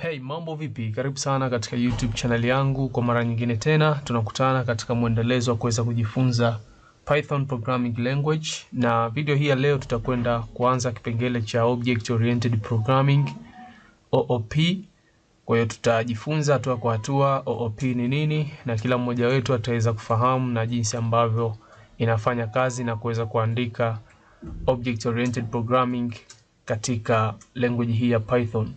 Hey, mambo vipi? Karibu sana katika YouTube channel yangu kwa mara nyingine tena. Tunakutana katika mwendelezo wa kuweza kujifunza Python programming language, na video hii ya leo tutakwenda kuanza kipengele cha object oriented programming OOP. Kwa hiyo tutajifunza hatua kwa hatua OOP ni nini, na kila mmoja wetu ataweza kufahamu na jinsi ambavyo inafanya kazi na kuweza kuandika object oriented programming katika language hii ya Python.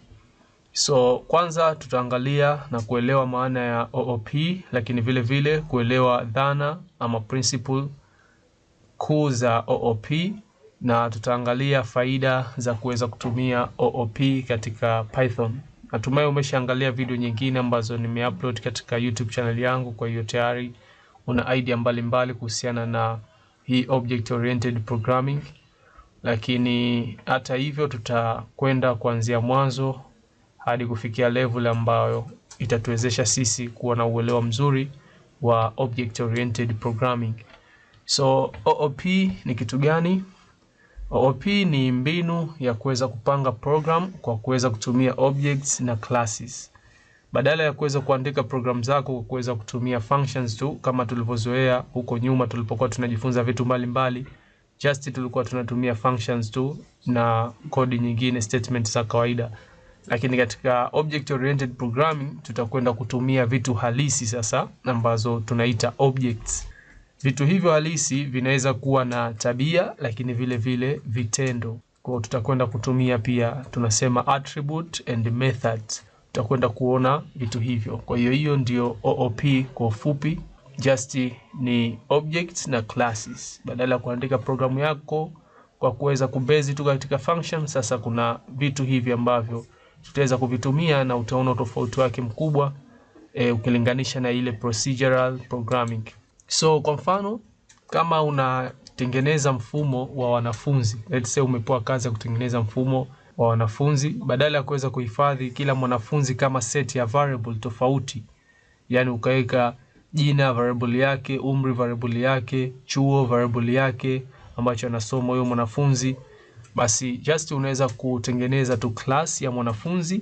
So kwanza tutaangalia na kuelewa maana ya OOP, lakini vile vile kuelewa dhana ama principle kuu za OOP na tutaangalia faida za kuweza kutumia OOP katika Python. Natumai umeshaangalia video nyingine ambazo nimeupload katika YouTube channel yangu, kwa hiyo tayari una idea mbalimbali kuhusiana na hii object oriented programming, lakini hata hivyo tutakwenda kuanzia mwanzo hadi kufikia level ambayo itatuwezesha sisi kuwa na uelewa mzuri wa object oriented programming. So OOP ni kitu gani? OOP ni mbinu ya kuweza kupanga program kwa kuweza kutumia objects na classes badala ya kuweza kuandika program zako kwa kuweza kutumia functions tu kama tulivyozoea huko nyuma tulipokuwa tunajifunza vitu mbalimbali. Just tulikuwa tunatumia functions tu na kodi nyingine, statement za kawaida lakini katika object oriented programming tutakwenda kutumia vitu halisi sasa ambazo tunaita objects. Vitu hivyo halisi vinaweza kuwa na tabia, lakini vile vile vitendo. Kwa tutakwenda kutumia pia tunasema attribute and method, Tutakwenda kuona vitu hivyo. Kwa hiyo hiyo ndio OOP kwa ufupi, just ni objects na classes. Badala ya kuandika programu yako kwa kuweza kubezi tu katika function, sasa kuna vitu hivi ambavyo tutaweza kuvitumia na utaona tofauti wake mkubwa e, ukilinganisha na ile procedural programming. So kwa mfano kama unatengeneza mfumo wa wanafunzi, let's say umepewa kazi ya kutengeneza mfumo wa wanafunzi, badala ya kuweza kuhifadhi kila mwanafunzi kama set ya variable tofauti, yani ukaweka jina variable yake, umri variable yake, chuo variable yake ambacho anasoma huyo mwanafunzi basi just unaweza kutengeneza tu class ya mwanafunzi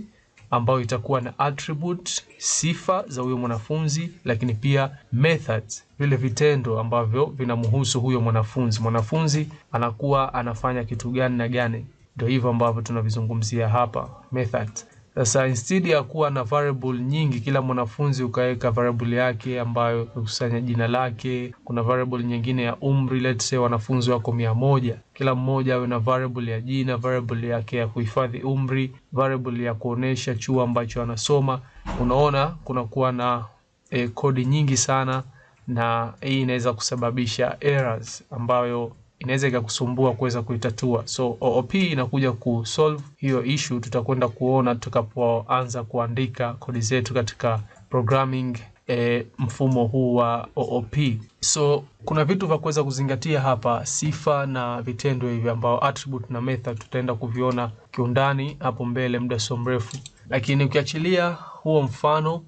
ambayo itakuwa na attribute sifa za huyo mwanafunzi, lakini pia methods, vile vitendo ambavyo vinamhusu huyo mwanafunzi. Mwanafunzi anakuwa anafanya kitu gani na gani, ndio hivyo ambavyo tunavizungumzia hapa method. Sasa instead ya kuwa na variable nyingi, kila mwanafunzi ukaweka variable yake ambayo kusanya jina lake. Kuna variable nyingine ya umri, let's say wanafunzi wako mia moja, kila mmoja awe na variable ya jina, variable yake ya kuhifadhi umri, variable ya kuonesha chuo ambacho anasoma. Unaona kunakuwa na e, kodi nyingi sana, na hii inaweza kusababisha errors ambayo inaweza ikakusumbua kuweza kuitatua. So OOP inakuja kusolve hiyo issue, tutakwenda kuona tutakapoanza kuandika kodi zetu katika programming E, mfumo huu wa OOP. So kuna vitu vya kuweza kuzingatia hapa, sifa na vitendo hivi ambao attribute na method tutaenda kuviona kiundani hapo mbele muda sio mrefu, lakini ukiachilia huo mfano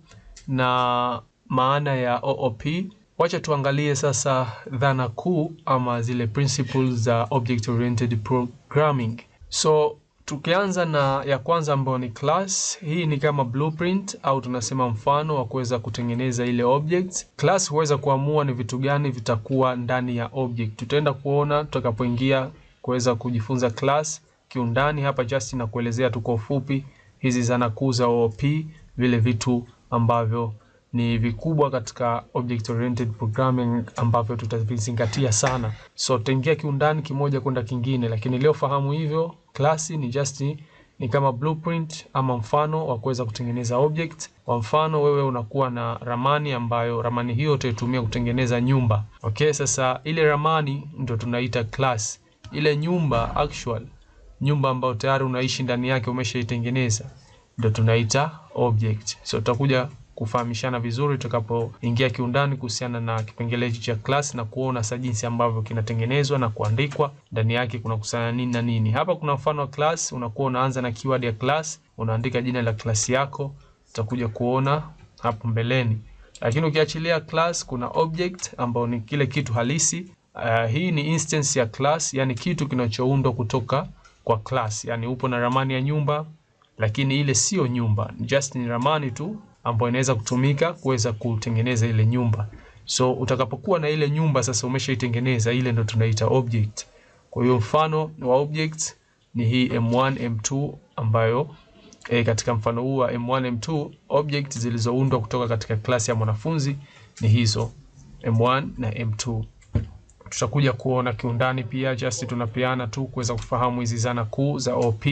na maana ya OOP Wacha tuangalie sasa dhana kuu ama zile principles za object oriented programming. So tukianza na ya kwanza ambayo ni class. Hii ni kama blueprint au tunasema mfano wa kuweza kutengeneza ile object. Class huweza kuamua ni vitu gani vitakuwa ndani ya object. Tutaenda kuona tutakapoingia kuweza kujifunza class kiundani. Hapa just nakuelezea kuelezea tu kwa ufupi hizi zana kuu za OOP, vile vitu ambavyo ni vikubwa katika object oriented programming ambavyo tutavizingatia sana. So tutaingia kiundani kimoja kwenda kingine, lakini leo fahamu hivyo klasi ni just ni kama blueprint ama mfano wa kuweza kutengeneza object. Kwa mfano wewe unakuwa na ramani ambayo ramani hiyo utaitumia kutengeneza nyumba. Okay, sasa ile ramani ndio tunaita class. Ile nyumba actual nyumba ambayo tayari unaishi ndani yake umeshaitengeneza ndio tunaita object. So tutakuja kufahamishana vizuri tutakapoingia kiundani kuhusiana na kipengele hicho cha class na kuona sa jinsi ambavyo kinatengenezwa na kuandikwa ndani yake kuna kusana nini na nini. Hapa kuna mfano wa class, unakuwa unaanza na keyword ya class, unaandika jina la class yako, utakuja kuona hapo mbeleni. Lakini ukiachilia class, kuna object ambao ni kile kitu halisi. Uh, hii ni instance ya class, yani kitu kinachoundwa kutoka kwa class. Yani upo na ramani ya nyumba, lakini ile sio nyumba, just ni ramani tu ambayo inaweza kutumika kuweza kutengeneza ile nyumba. So utakapokuwa na ile nyumba sasa umeshaitengeneza, ile ndo tunaita object. Kwa hiyo mfano wa object ni hii M1, M2 ambayo e, katika mfano huu wa M1, M2 object zilizoundwa kutoka katika klasi ya mwanafunzi ni hizo M1 na M2. Tutakuja kuona kiundani pia, just tunapeana tu kuweza kufahamu hizi zana kuu za OP.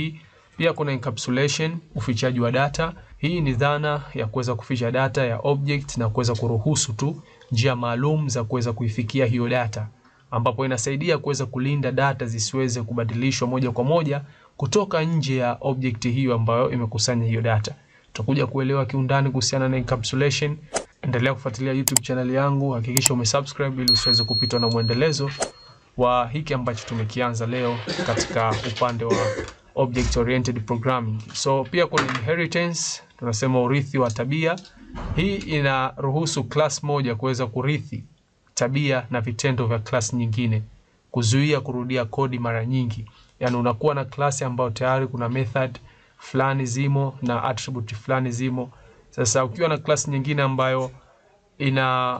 Pia kuna encapsulation, ufichaji wa data hii ni dhana ya kuweza kuficha data ya object na kuweza kuruhusu tu njia maalum za kuweza kuifikia hiyo data, ambapo inasaidia kuweza kulinda data zisiweze kubadilishwa moja kwa moja kutoka nje ya object hiyo ambayo imekusanya hiyo data. Tutakuja kuelewa kiundani kuhusiana na encapsulation. Endelea kufuatilia YouTube channel yangu, hakikisha umesubscribe ili usiweze kupitwa na mwendelezo wa hiki ambacho tumekianza leo katika upande wa object oriented programming. So pia kuna inheritance tunasema urithi wa tabia. Hii inaruhusu class moja kuweza kurithi tabia na vitendo vya class nyingine, kuzuia kurudia kodi mara nyingi. Yani unakuwa na class ambayo tayari kuna method fulani zimo na attribute fulani zimo. Sasa ukiwa na class nyingine ambayo ina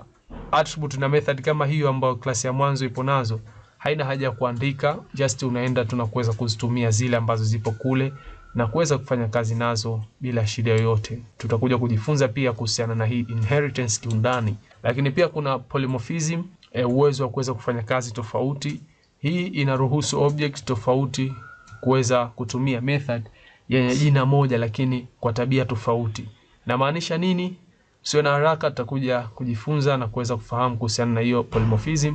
attribute na method kama hiyo ambayo class ya mwanzo ipo nazo, haina haja ya kuandika, just unaenda tu kuweza kuzitumia zile ambazo zipo kule na kuweza kufanya kazi nazo bila shida yoyote. Tutakuja kujifunza pia kuhusiana na hii inheritance kiundani, lakini pia kuna polymorphism e, uwezo wa kuweza kufanya kazi tofauti. Hii inaruhusu object tofauti kuweza kutumia method yenye jina moja lakini kwa tabia tofauti. Namaanisha nini? Sio na haraka, tutakuja kujifunza na kuweza kufahamu kuhusiana na hiyo polymorphism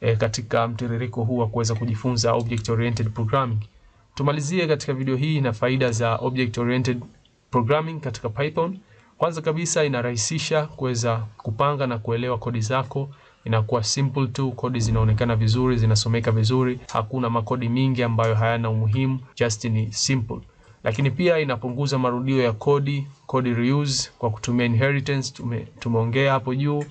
e, katika mtiririko huu wa kuweza kujifunza object oriented programming. Tumalizie katika video hii na faida za object oriented programming katika Python. Kwanza kabisa inarahisisha kuweza kupanga na kuelewa kodi zako, inakuwa simple tu, kodi zinaonekana vizuri, zinasomeka vizuri, hakuna makodi mingi ambayo hayana umuhimu, just ni simple. Lakini pia inapunguza marudio ya kodi, kodi reuse kwa kutumia inheritance, tume, tumeongea hapo juu.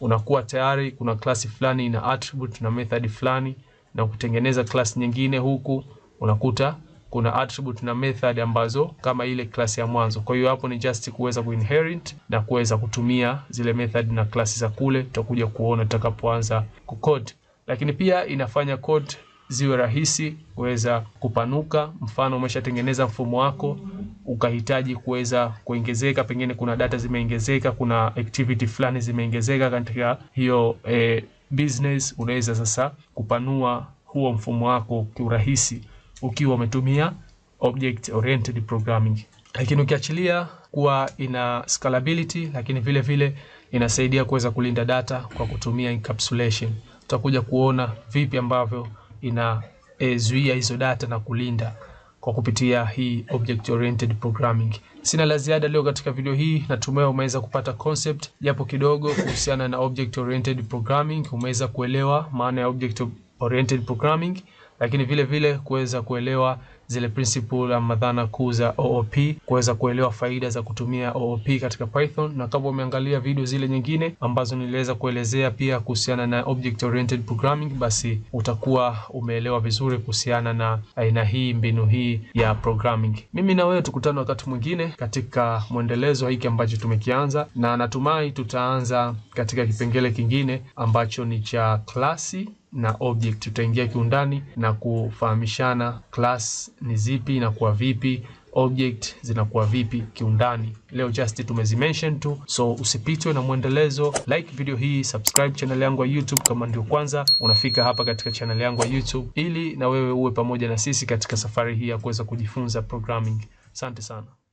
Unakuwa tayari kuna klasi fulani ina attribute na method fulani na kutengeneza klasi nyingine huku unakuta kuna attribute na method ambazo kama ile klasi ya mwanzo. Kwa hiyo hapo ni just kuweza kuinherit na kuweza kutumia zile method na klasi za kule, tutakuja kuona tutakapoanza kucode. Lakini pia inafanya code ziwe rahisi kuweza kupanuka. Mfano, umeshatengeneza mfumo wako ukahitaji kuweza kuongezeka, pengine kuna data zimeongezeka, kuna activity fulani zimeongezeka katika hiyo eh, business, unaweza sasa kupanua huo mfumo wako kiurahisi ukiwa umetumia object oriented programming, lakini ukiachilia kuwa ina scalability, lakini vile vile inasaidia kuweza kulinda data kwa kutumia encapsulation. Tutakuja kuona vipi ambavyo inazuia eh, hizo data na kulinda kwa kupitia hii object oriented programming. Sina la ziada leo katika video hii, natumai umeweza kupata concept japo kidogo kuhusiana na object oriented programming, umeweza kuelewa maana ya object oriented programming lakini vile vile kuweza kuelewa zile principle ama madhana kuu za OOP, kuweza kuelewa faida za kutumia OOP katika Python, na kama umeangalia video zile nyingine ambazo niliweza kuelezea pia kuhusiana na object oriented programming, basi utakuwa umeelewa vizuri kuhusiana na aina hii, mbinu hii ya programming. Mimi na wewe tukutane wakati mwingine katika mwendelezo hiki ambacho tumekianza, na natumai tutaanza katika kipengele kingine ambacho ni cha klasi na object. Tutaingia kiundani na kufahamishana class ni zipi, inakuwa vipi, object zinakuwa vipi kiundani. Leo just mention tu, so usipitwe na mwendelezo. Like video hii, subscribe channel yangu ya YouTube kama ndio kwanza unafika hapa katika channel yangu ya YouTube, ili na wewe uwe pamoja na sisi katika safari hii ya kuweza kujifunza programming. Asante sana.